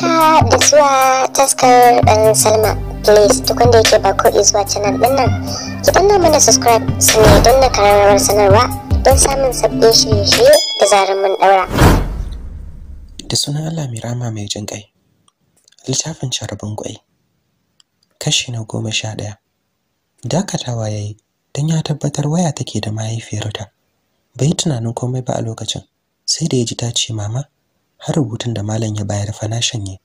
haka da zuwa taskar dan salma please duk wanda yake ba ko zuwa canal din nan ki danna mana subscribe su ne don na kararrawar sanarwa don samun sabbin shirye-shirye da zarar mun daura da sunan allah mai rama mai jin kai littafin carabin kwai kashi na goma sha ɗaya dakatawa ya yi don ya tabbatar waya take da mahaifiyarta bai yi tunanin komai ba a lokacin sai da ya ji ta ce mama har rubutun da malam ya bayar fa na shanye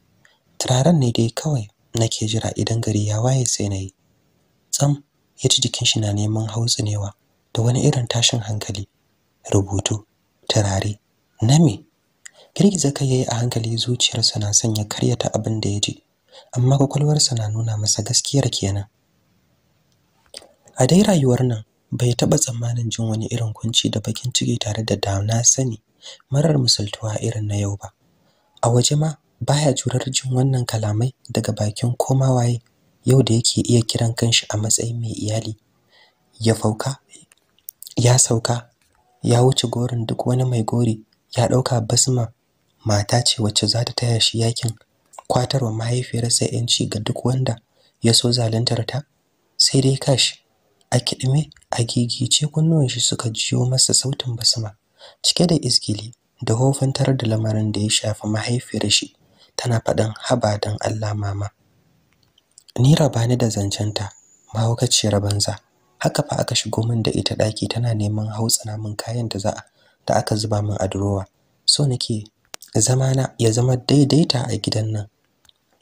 turaren ne dai kawai nake jira idan gari ya waye sai na yi tsam ya ji jikin shi na neman hautsinewa da wani irin tashin hankali rubutu turare na me girgiza ka yayi a hankali zuciyarsa na sanya karyata abin da ya ji amma kwakwalwarsa na nuna masa gaskiyar kenan a dai rayuwar nan bai taɓa tsammanin jin wani irin kunci da bakin ciki tare da da na sani marar misaltuwa irin na yau ba a waje ma baya jurar jin wannan kalamai daga bakin koma yau da yake iya kiran kanshi a matsayin mai iyali ya fauka ya sauka ya wuce gorin duk wani mai gori ya ɗauka basma mata ce wacce za ta taya shi yakin kwatarwa mahaifiyarsa yanci ga duk wanda ya so zaluntar ta sai dai kashi a kidime a gigice kunnuwan shi suka jiyo masa sautin basma cike da izgili da hofantar da lamarin da ya shafi mahaifiyar shi tana faɗin haba don Allah mama ni raba ni da zancenta mahaukaciyar banza haka fa aka shigo min da ita ɗaki tana neman hautsana min kayan da za da aka zuba min a durowa so nake na ya zama daidaita a gidan nan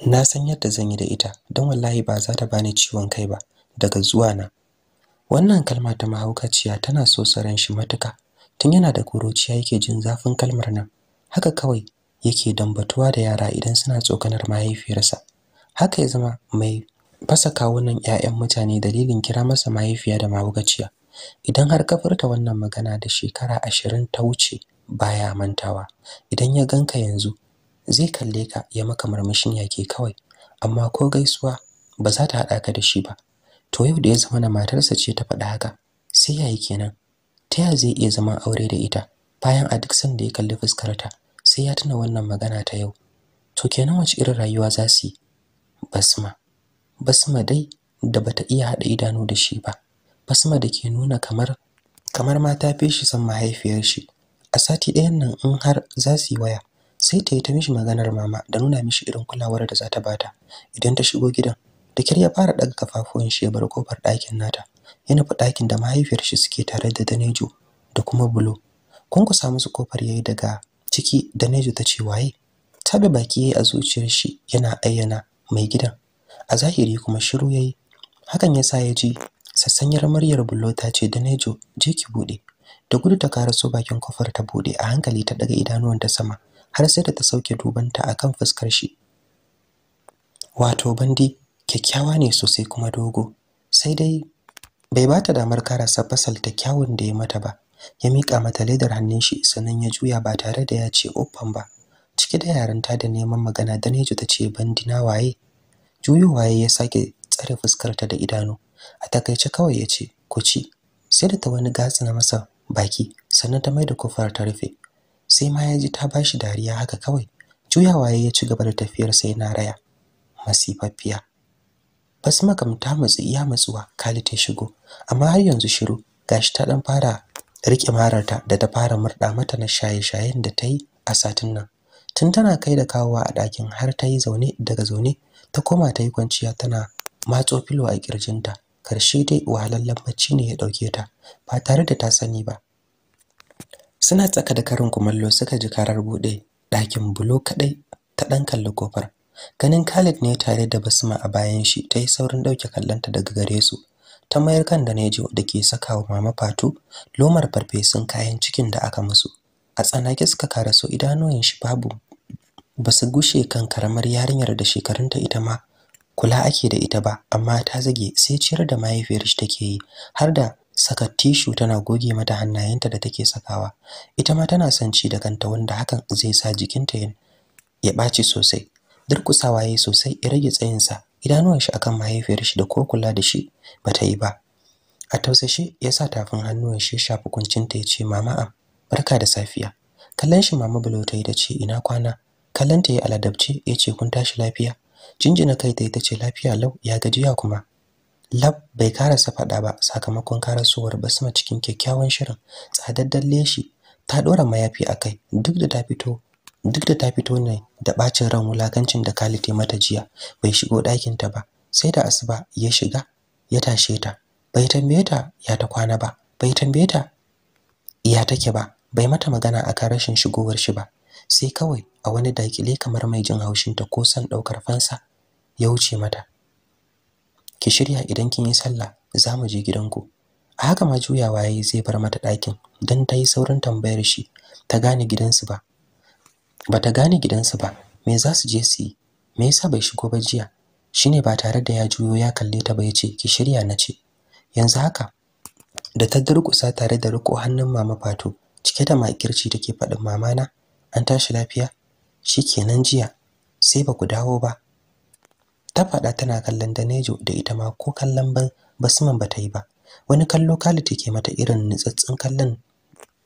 na san yadda zan yi da ita don wallahi ba za ta bani ciwon kai ba daga zuwa na wannan kalma ta mahaukaciya tana so saran shi matuka tun yana da ƙuruciya yake jin zafin kalmar nan haka kawai yake dambatuwa da yara idan suna tsokanar mahaifiyarsa haka ya zama mai fasa kawunan 'ya'yan mutane dalilin kira masa mahaifiya da mahaukaciya idan har ka furta wannan magana da shekara ashirin ta wuce baya mantawa idan ya ganka yanzu zai kalle ka ya maka murmushin yake kawai amma ko gaisuwa ba za ta haɗa ka da shi ba to yau da ya zama na matarsa ce ta faɗa haka sai yayi kenan ta ya zai iya zama aure da ita bayan a duk sanda ya kalli fuskarta sai ya tuna wannan magana ta yau to kenan wace irin rayuwa za su yi basma basma dai da bata iya haɗa idanu da shi ba basma da ke nuna kamar kamar ma ta fi shi san mahaifiyar shi a sati ɗayan nan in har za su yi waya sai ta yi ta mishi maganar mama da nuna mishi irin kulawar da za ta bata idan ta shigo gidan da kyar ya fara ɗaga kafafuwan shi ya bar kofar ɗakin nata ya nufi ɗakin da mahaifiyar suke tare da Danejo da kuma Bulo. ku samu musu kofar yayi daga ciki Danejo ta ce waye? bi baki yayi a zuciyar shi yana ayyana mai gidan. A zahiri kuma shiru yayi. Hakan yasa ya ji sassanyar muryar Bulo ta ce Danejo je ki bude. Da gudu ta so bakin kofar ta buɗe a hankali ta daga idanuwanta sama har sai da ta sauke dubanta akan fuskar shi. Wato bandi kyakkyawa ne sosai kuma dogo. Sai dai bai ba ta damar karasa fasalta kyawun da ya mata ba ya mika mata ledar hannun shi sannan ya juya ba tare da ya ce uffan ba Ciki da ta da neman magana danejo ta ce bandina waye Juyowaye waye ya sake tsare fuskarta da idanu a takaice kawai ya ce ku ci sai da ta wani na masa baki sannan ta mai da kofar ta rufe sai ma ya ji ta bashi dariya haka kawai juyawa ya ci gaba da tafiyar sai na raya masifaffiya Basma kam ta matsi iya matsuwa kali ta shigo amma har yanzu shiru gashi ta dan fara rike mararta da ta fara murda mata na shaye-shayen da ta yi a satin nan tun tana kai da kawowa a ɗakin har ta yi zaune daga zaune ta koma ta yi kwanciya tana matso filo a kirjinta karshe dai wahalallen lambaci ne ya ɗauke ta ba tare da ta sani ba suna tsaka da karin kumallo suka ji karar buɗe ɗakin bulo kaɗai ta ɗan kalli kofar Ganin Khalid ne tare da Basma a bayan shi ta yi saurin ɗauke kallonta daga gare su. Ta mayar kan da Nejo da ke sakawa Mama Fatu lomar farfesun kayan cikin da aka musu. A tsanake suka karaso idanoyin shi babu ba su gushe kan karamar yarinyar da shekarunta ita ma kula ake da ita ba amma ta zage sai ciyar da mahaifiyar shi take yi har da saka tishu tana goge mata hannayenta da take sakawa ita ma tana son ci da kanta wanda hakan zai sa jikinta ya ɓaci sosai durƙusawa yayi sosai ya rage tsayinsa idanuwan shi akan mahaifiyar shi da ko kula da shi bata yi ba a tausashe ya sa tafin hannuwan shi shafi kuncin ya ce mama am barka da safiya kallon shi mama bulo ta yi da ce ina kwana kallon ta yi aladabce ya ce kun tashi lafiya jinjina kai ta yi ta ce lafiya lau ya gajiya kuma lab bai karasa faɗa ba sakamakon karasowar basma cikin kyakkyawan shirin tsadaddan leshi ta ɗora mayafi a kai duk da ta fito duk da ta fito ne da bacin ran wulakancin da Khalid mata jiya bai shigo ɗakin ta ba sai da asuba ya shiga ya tashe ta bai tambaye ta ya ta kwana ba bai tambaye ta iya take ba bai mata magana akan rashin shigowar shi ba sai kawai a wani dakile kamar mai jin haushin ta ko san daukar fansa ya wuce mata ki shirya idan kin yi sallah za mu je gidanku a haka ma juyawa yayi zai bar mata ɗakin don ta yi saurin tambayar shi ta gane gidansu ba bata gane gidansu ba me za su je su yi me yasa bai shigo ba jiya shine ba tare da ya juyo ya kalle ta ba ya ce ki shirya na ce yanzu haka da ta durƙusa tare da riko hannun mama Fato cike da makirci take faɗin mama na an tashi lafiya shikenan jiya sai ba ku dawo ba ta faɗa tana kallon Danejo da ita ma ko kallon ban Basman bata yi ba wani kallo kali take mata irin nutsattsin kallon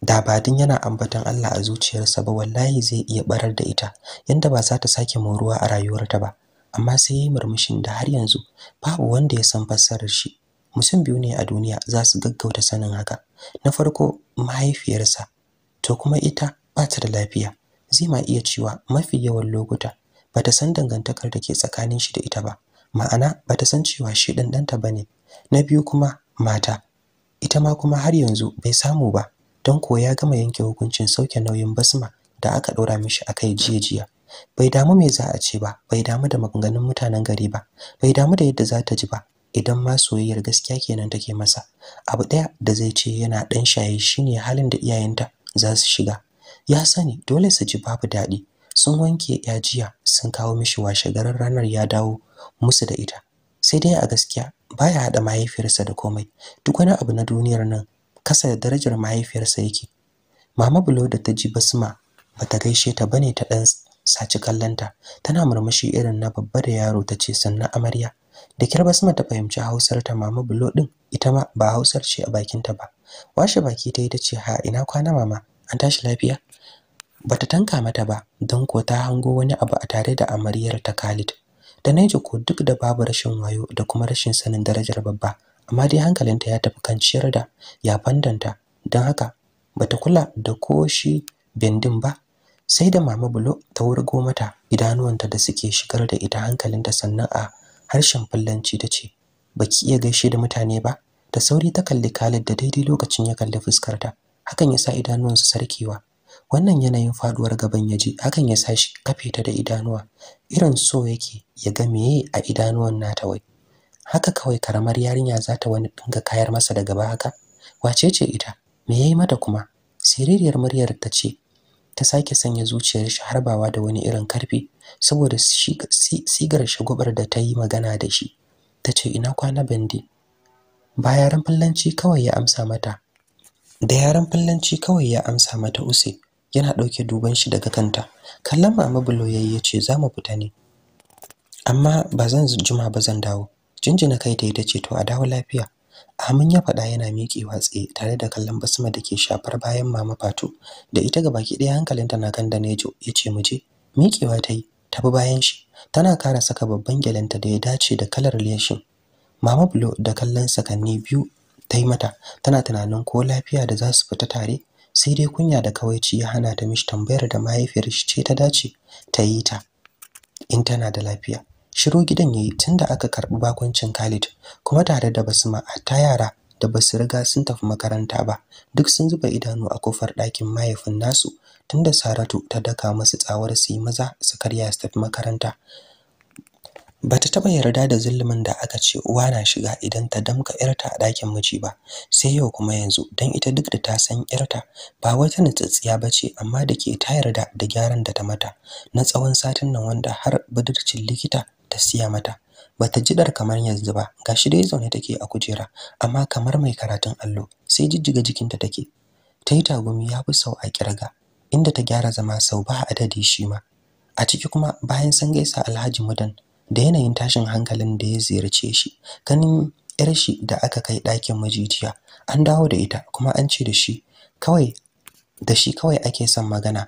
da ba din yana ambaton Allah a zuciyarsa ba wallahi zai iya barar da ita yanda ba za ta sake moruwa a rayuwarta ba amma sai yayi murmushin da har yanzu babu wanda ya san fassarar shi mutum biyu ne a duniya za su gaggauta sanin haka na farko mahaifiyarsa to kuma ita ba ta da lafiya zai ma iya cewa mafi yawan lokuta Ba ta san dangantakar da ke tsakanin shi da ita ba ma'ana ba ta san cewa shi ɗanta ba ne, na biyu kuma mata ita ma kuma har yanzu bai samu ba don ko ya gama yanke hukuncin sauke nauyin basma da aka ɗora mishi a kai jiya jiya bai damu me za a ce ba bai damu da maganganun mutanen gari ba bai damu da yadda za ta ji ba idan ma soyayyar gaskiya kenan take masa abu ɗaya da zai ce yana ɗan shaye shine halin da iyayenta za su shiga ya sani dole su ji babu daɗi sun wanke ya jiya sun kawo mishi washe garin ranar ya dawo musu da ita sai dai a gaskiya baya haɗa mahaifiyarsa da komai duk wani abu na duniyar nan kasa da darajar mahaifiyarsa yake mama bulo da ta ji basma bata gaishe ta bane ta dan saci kallanta tana murmushi irin na babba da yaro ta ce sannan amarya da kyar basma ta fahimci hausar ta mama bulo din ita ma ba hausar ce a bakinta ba washe baki ta yi ta ce ha ina kwana mama an tashi lafiya bata tanka mata ba don ko ta hango wani abu a tare da amaryar ta Khalid da Naija ko duk da babu rashin wayo da kuma rashin sanin darajar babba amma dai hankalinta ya tafi kan ciyar da ya fandanta don haka bata kula da ko shi bindin ba sai da mama bulo ta wurgo mata idanuwanta da suke shigar da ita hankalinta sannan a harshen fallanci ta ce baki iya gaishe da mutane ba da sauri ta kalli Khalid da daidai lokacin ya kalli fuskarta hakan ya sa idanuwansa sarkewa wannan yanayin faduwar gaban ya ji, hakan ya sa shi kafe ta da idanuwa irin so yake ya ga meye a idanuwan nata wai haka kawai karamar yarinya za ta wani dinga kayar masa da ba haka wace ce ita me yayi mata kuma siririyar muryar ta ce ta sake sanya zuciyar shi harbawa da wani irin karfi saboda sigar shagubar da ta yi magana da shi ta ce ina kwana bandi ba yaren fallanci kawai ya amsa mata da yaren fallanci kawai ya amsa mata use yana ɗauke duban shi daga kanta kallon mama ya ce za mu fita ne amma ba zan jima ba zan dawo jinjina kai da ita ce to a dawo lafiya amin ya faɗa yana miƙewa tsaye tare da kallon basma da ke shafar bayan mama fatu da ita ga baki ɗaya hankalinta na kan danejo ya ce mu je miƙewa ta yi ta bayan shi tana kara saka babban gyalenta da ya dace da kalar leshin mama bulo da kallon sakanni biyu ta yi mata tana tunanin ko lafiya da za su fita tare sai dai kunya da kawaici ya hana ta mishi tambayar da mahaifiyar shi ce ta dace ta yi ta in tana da lafiya Shiro gidan yayi tunda aka karbi bakuncin Khalid kuma tare da Basma ta yara da basu riga sun tafi makaranta ba duk sun zuba idanu a kofar ɗakin mahaifin nasu tunda Saratu ta daka musu tsawar su yi maza su karya su tafi makaranta bata taba yarda da zulumin da aka ce uwa na shiga idan ta damka yarta a ɗakin miji ba sai yau kuma yanzu dan ita duk da ta san yarta ba wata ba ce amma da ke ta yarda da gyaran da ta mata na tsawon satin nan wanda har budurcin likita ta siya mata bata ji dar kamar yanzu ba gashi dai zaune take a kujera amma kamar mai karatun allo sai jijjiga jikinta take ta yi tagumi ya fi sau a kirga inda ta gyara zama sau ba adadi shi ma a ciki kuma bayan san gaisa Alhaji Mudan da yanayin tashin hankalin da ya ziyarce shi ganin yar shi da aka kai ɗakin majijiya an dawo da ita kuma an ce da shi kawai da shi kawai ake son magana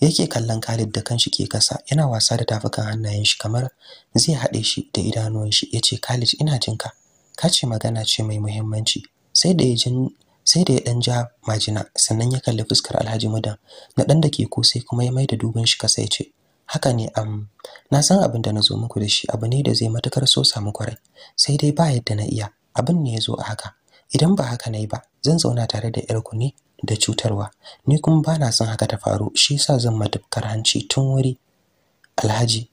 yake kallon Khalid da kanshi ke kasa yana wasa da tafukan hannayen shi kamar zai haɗe shi da idanuwan shi yace Khalid ina jinka ka ce magana ce mai muhimmanci sai da ya jin sai da ya dan ja majina sannan ya kalli fuskar Alhaji Mudan na dan dake ko sai kuma ya maida da duban shi kasa yace haka ne am na san abin da nazo muku da shi abu ne da zai matukar so samu kwarai sai dai ba yadda na iya abin ne yazo a haka idan ba haka nayi ba zan zauna tare da yarku ne da cutarwa ni kuma ba na son haka ta faru shi yasa zan madubkar hanci tun wuri alhaji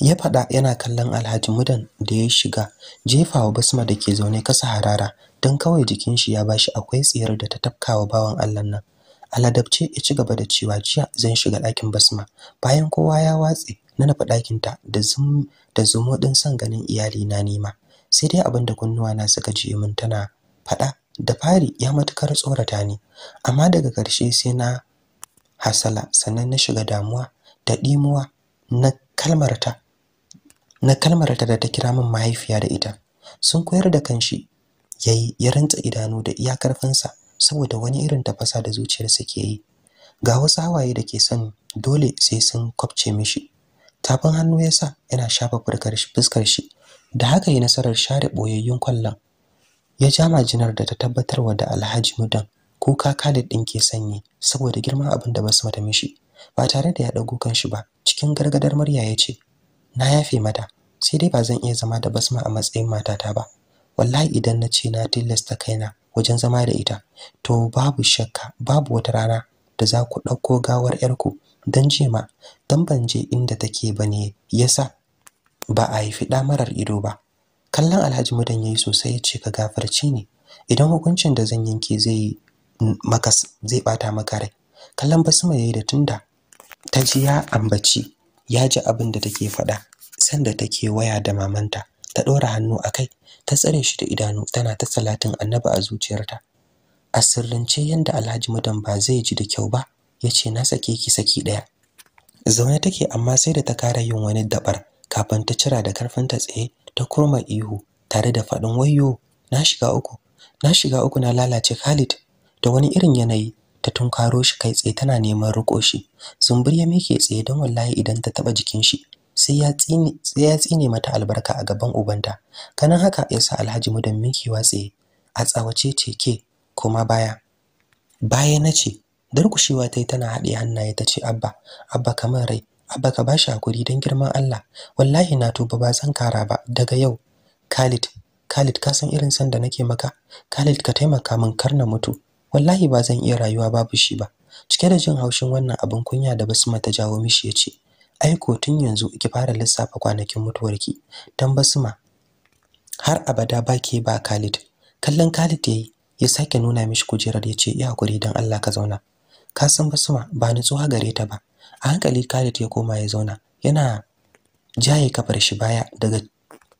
ya faɗa yana kallon alhaji mudan da ya shiga jefawa basma da ke zaune kasa harara don kawai jikin shi ya bashi akwai tsiyar da ta tafkawa bawan allah nan aladabce ya ci gaba da cewa jiya zan shiga ɗakin basma bayan kowa ya watse na nufi ɗakinta da zum da zumo ɗin son ganin iyali na nema sai dai abinda da kunnuwana suka ji min tana faɗa da fari ya matukar tsorata ni amma daga ƙarshe sai na hasala sannan na shiga damuwa da ɗimuwa na kalmarta na kalmarta da ta kira min mahaifiya da ita sun koyar da kanshi yayi ya rantsa idanu da iyakar fansa saboda wani irin tafasa da zuciyarsa ke yi ga wasu hawaye da ke son dole sai sun kwafce mishi tafin hannu ya sa yana shafa fuskar shi da haka yi nasarar share boyayyun kwallon ya ja majinar da ta tabbatar wa da Alhaji Mudan kuka Khalid din ke sanye saboda girman abin da basu mata mishi ba tare da ya dago shi ba cikin gargadar murya ya ce na yafe mata sai dai ba zan iya zama da Basma a matsayin matata ba wallahi idan na ce na tilasta kaina wajen zama da ita to babu shakka babu wata rana da za ku ɗauko gawar yarku don je ma don ban je inda take ba yasa ba a yi fiɗa marar ido ba kallon alhaji mudan yayi sosai ya ce ka gafarce ne, idan hukuncin da zan yanke zai maka zai bata maka rai kallon basma yayi da tunda ta ji ya ambaci ya ji abin da take faɗa sanda take waya da mamanta ta ɗora hannu a kai ta tsare shi da idanu tana ta salatin annabi a zuciyarta a sirrince yanda alhaji mudan ba zai ji da kyau ba ya ce na sake ki saki ɗaya zaune take amma sai da ta kara yin wani dabar kafin ta cira da karfinta tsaye ta kurma ihu tare da faɗin wayyo na shiga uku na shiga uku na lalace Khalid da wani irin yanayi ta tunkaro shi kai tsaye tana neman riko shi zumbur ya tsaye don wallahi idan ta taba jikin shi sai ya tsine sai ya tsine mata albarka a gaban ubanta kanan haka yasa Alhaji Mudan mikewa tsaye a tsawace teke kuma baya baya nace durkushewa tai tana haɗe hannaye tace abba abba kamar rai abba ka bashi hakuri don girman Allah wallahi na tuba ba zan kara ba daga yau Khalid Khalid ka san irin san da nake maka Khalid ka taimaka min kar na mutu wallahi ba zan iya rayuwa babu shi ba cike da jin haushin wannan abin kunya da Basma ta jawo mishi ya ce aiko tun yanzu ki fara lissafa kwanakin mutuwarki dan Basma har abada ba ke ba Khalid kallon Khalid yayi ya sake nuna mishi kujerar ya ce ya hakuri dan Allah ka zauna ka san Basma ba tsoha gare ta ba a hankali Khalid ya koma ya zauna yana jaye kafar shi baya daga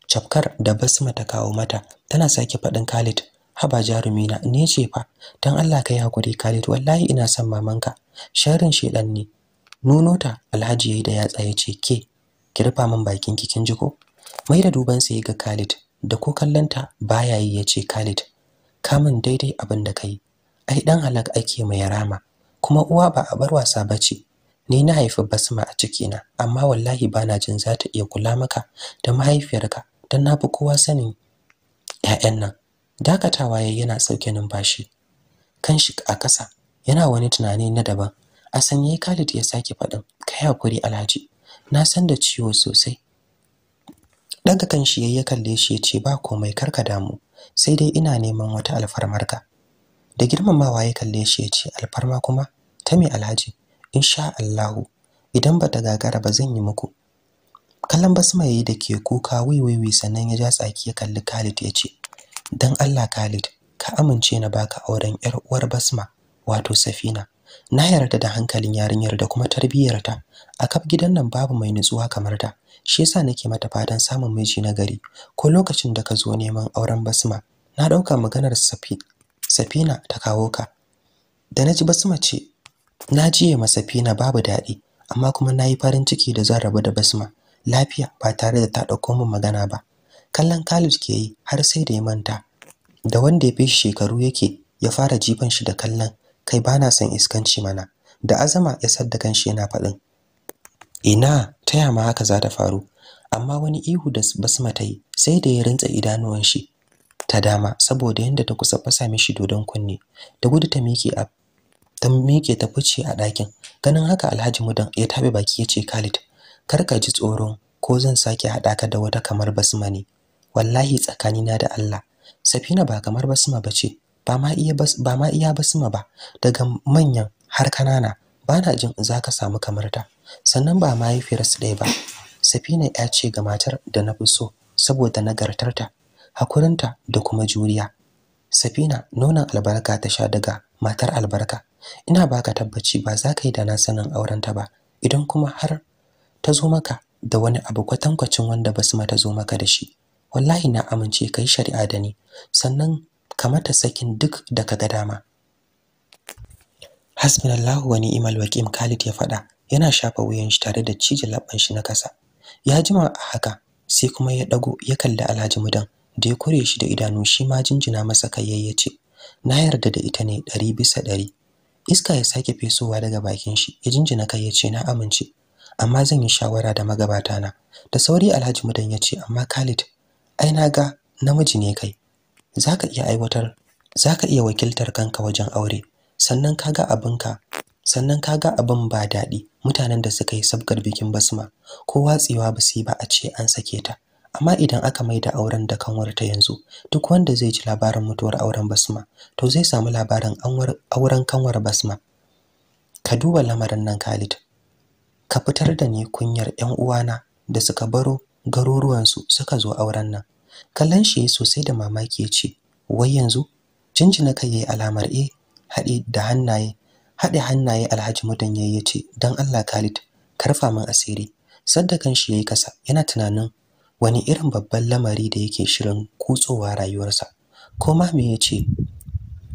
cafkar da Basma ta kawo mata tana sake faɗin Khalid haba jarumi na ne ce fa dan Allah kai hakuri Khalid wallahi ina son mamanka sharrin shedan ne ta Alhaji yayi da yatsa ya ce ke ki rufa min bakin ki kin ji mai da duban sai ga Khalid da ko kallanta baya yi ya ce Khalid ka min daidai abin da kai ai dan halak ake mai rama kuma uwa ba a bar wasa bace ni na haifi basma a cikina amma wallahi bana jin za ta iya kula maka da mahaifiyarka don na fi kowa sanin 'ya'yan nan dakatawa yayi yana sauke numfashi kanshi a ƙasa yana wani tunani na daban a sanye Khalid ya sake faɗin kai hakuri Alhaji na san da ciwo sosai daga kan shi ya kalle shi ya ce ba komai kar ka damu sai dai ina neman wata alfarmarka da girmamawa ya kalle shi ya ce alfarma kuma ta me Alhaji insha Allahu idan bata gagara ba zan yi muku kallon basma yayi da ke kuka wiwiwi sannan ya ja tsaki ya kalli Khalid ya ce dan Allah Khalid ka amince na baka auren yar uwar basma wato Safina na yarda da hankalin yarinyar da kuma tarbiyyarta a kaf gidan nan babu mai nutsuwa kamar ta shi yasa nake mata fatan samun miji na gari ko lokacin da ka zo neman auren basma na dauka maganar Safina ta kawo ka da naji basma ce na jiye masafina babu daɗi amma kuma na yi farin ciki da zan rabu da basma lafiya ba tare da ta ɗauko min magana ba kallon Khalid ke yi har sai da ya manta da wanda ya fi shekaru yake ya fara jifan shi da kallon kai bana son iskanci mana da azama ya sadda kanshi yana faɗin ina taya ma haka za ta faru amma wani ihu da basma ta yi sai da ya rintsa idanuwan shi ta dama saboda yadda ta kusa fasa mishi dodon kunne da gudu ta miƙe a ta miƙe ta fice a ɗakin ganin haka Alhaji Mudan ya tabe baki ya ce Khalid kar ka ji tsoro ko zan sake haɗa ka da wata kamar Basma ne wallahi na da Allah Safina ba kamar Basma ba ma iya bas ba ma iya Basma ba daga manyan har kanana na jin za ka samu kamar ta sannan ba mahaifiyarsu ɗaya ba Safina ya ce ga matar da na fi so saboda nagartarta hakurinta da kuma juriya Safina nonon albarka ta sha daga matar albarka. Ina baka tabbaci ba za ka yi da na sanin aurenta ba idan kuma har ta zo maka da wani abu kwatankwacin wanda basu mata zo maka da shi. Wallahi na amince ka yi shari'a da ni sannan ka mata sakin duk da ka ga dama. Hasbunallahu wani imal wakim Khalid ya faɗa yana shafa wuyan shi tare da cije labban shi na kasa. Ya jima a haka sai kuma ya dago ya kalli Alhaji Mudan da ya kure shi da idanu shi ma jinjina masa kai ce na yarda da ita ne ɗari bisa ɗari iska ya sake fesowa daga bakin shi ya jinjina kai ya ce na amince amma zan yi shawara da magabata na da sauri alhaji mudan ya ce amma khalid ai na ga namiji ne kai zaka iya aiwatar zaka iya wakiltar kanka wajen aure sannan kaga abinka sannan kaga abin ba daɗi mutanen da suka yi sabgar bikin basma ko watsewa ba su yi ba a ce an sake ta amma idan aka maida auren da kanwar ta yanzu duk wanda zai ji labarin mutuwar auren Basma to zai samu labarin auren kanwar Basma ka duba lamarin nan Khalid ka fitar da ni kunyar ƴan uwana da suka baro garuruwan su suka zo auren nan kallon shi sosai da mamaki ya ce wai yanzu jinjina kai yayi alamar e eh, haɗe da hannaye haɗe hannaye Alhaji Mudan yayi ya ce dan Allah Khalid karfa min asiri saddakan shi yayi kasa yana tunanin wani irin babban lamari da yake shirin kutsowa rayuwarsa ko ma me ya ce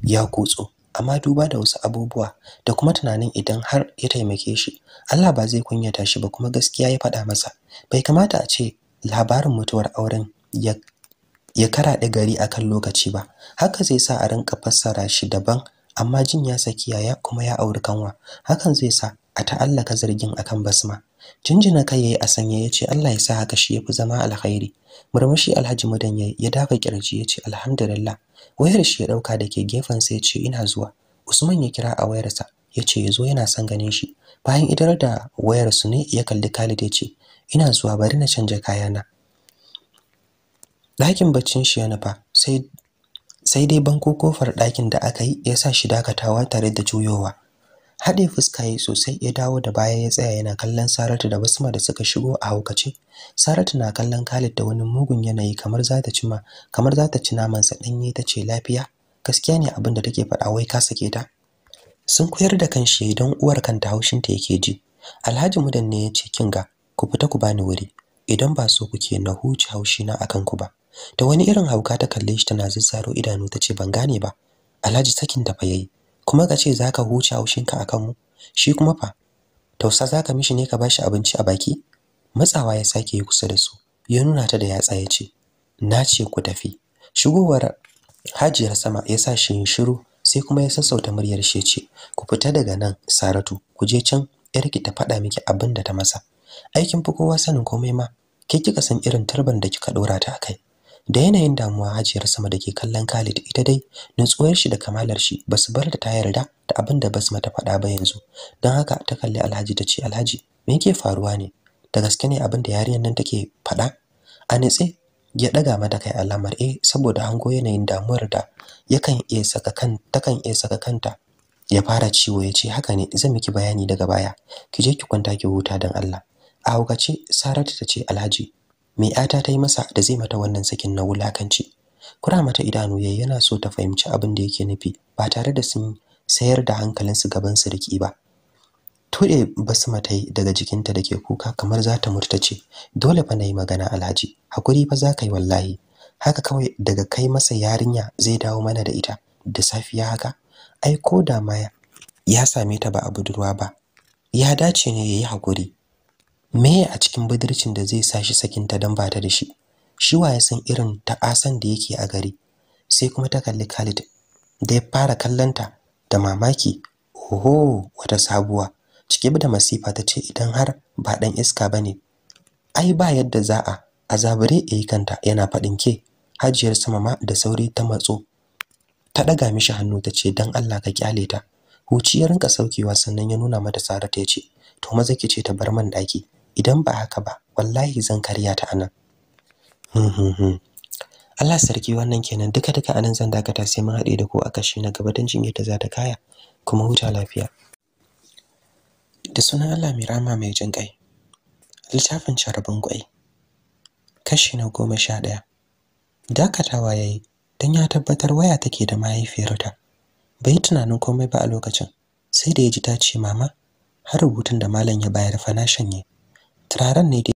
ya kutso amma duba da wasu abubuwa da kuma tunanin idan har ya taimake shi Allah ba zai kunyata shi ba kuma gaskiya ya faɗa masa bai kamata a ce labarin mutuwar auren ya ya karaɗe gari akan lokaci ba haka zai sa a rinka fassara shi daban amma jin ya saki yaya kuma ya auri kanwa hakan zai sa a ta'allaka zargin akan basma jinjina kai yayi a sanya yace Allah ya sa haka shi yafi zama alkhairi murmushi Alhaji Madan yayi ya dafa kirji yace alhamdulillah wayar shi ya dauka dake gefen sa yace ina zuwa Usman ya kira a wayarsa yace yazo yana son ganin shi bayan idar da wayar su ne ya kalli Khalid yace ina zuwa bari na canja kayana ɗakin baccin shi yana fa sai sai dai banko kofar ɗakin da aka yi ya sa shi dakatawa tare da juyowa haɗe fuska yayi sosai ya dawo da baya ya tsaya yana kallon Saratu da Basma da suka shigo a haukace Saratu na kallon Khalid da wani mugun yanayi kamar za ta ma kamar za ta ci naman sa ɗanye ta ce lafiya gaskiya ne abin da take faɗa wai ka sake ta sun koyar da kan shi don uwar kanta haushin ta yake ji Alhaji Mudan ne ya ce kinga ku fita ku bani wuri idan ba so kuke na huce haushi na akan ku ba da wani irin hauka ta kalle shi tana zazzaro idanu ta ce ban gane ba Alhaji sakin ta fa kuma ka ce za ka huce haushinka a kanmu shi kuma fa tausa za ka mishi ne ka bashi abinci a baki matsawa ya sake yi kusa da su ya nuna ta da yatsa ya ce na ce ku tafi shigowar hajiyar sama ya sa shi shiru sai kuma ya sassauta muryar shi ce ku fita daga nan saratu ku je can yarki ta faɗa miki abin da ta masa aikin fi kowa sanin komai ma kai kika san irin turban da kika dora ta kai. da yanayin damuwa hajiyar sama da ke kallon Khalid ita dai nutsuwar shi da kamalar shi basu bar da ta yarda da abin da Basma ta faɗa ba yanzu don haka ta kalli Alhaji ta ce Alhaji me yake faruwa ne da gaske ne abin da yarinyar nan take faɗa a nitse ya daga mata kai alamar eh saboda hango yanayin damuwar da yakan iya saka kan takan iya saka kanta ya fara ciwo ya ce haka ne zan miki bayani daga baya ki je ki kwanta ki huta don Allah a hukace Saratu ta ce Alhaji me ata ta yi masa da zai mata wannan sakin na wulakanci kura mata idanu yayi yana so ta fahimci abin da yake nufi ba tare da sun sayar da hankalinsu gaban su ba tuɗe ba su daga jikinta da ke kuka kamar za ta ce dole fa na yi magana alhaji hakuri fa za ka yi wallahi haka kawai daga kai masa yarinya zai dawo mana da ita da safiya haka ai ko da ma ya same ta ba a budurwa ba ya dace ne yayi hakuri Me a cikin budurcin da zai sa shi sakin ta dan ta da shi shi wa ya san irin ta asan da yake a gari sai kuma ta kalli Khalid da ya fara kallanta da mamaki oho wata sabuwa cike da masifa ta ce idan har ba dan iska bane ai ba yadda za a azabure yayi kanta yana fadin ke hajiyar sama ma da sauri ta matso ta daga mishi hannu ta ce dan Allah ka kyale ta huci ya rinka saukewa sannan ya nuna mata Saratu ya ce to maza ki ce ta bar man daki idan ba haka ba wallahi zan karya ta anan hmm, hmm, hmm. Allah sarki wannan kenan duka duka anan zan dakata sai mun haɗe da ku a kashi na gaba don jinye ta za ta kaya kuma huta lafiya da sunan Allah mai rama mai jin kai littafin charabin kwai kashi na goma sha ɗaya dakatawa ya yi don ya tabbatar waya take da mahaifiyarta bai tunanin komai ba a lokacin sai da ya ji ta ce mama har rubutun da malam ya bayar fa na shanye turaharanirie.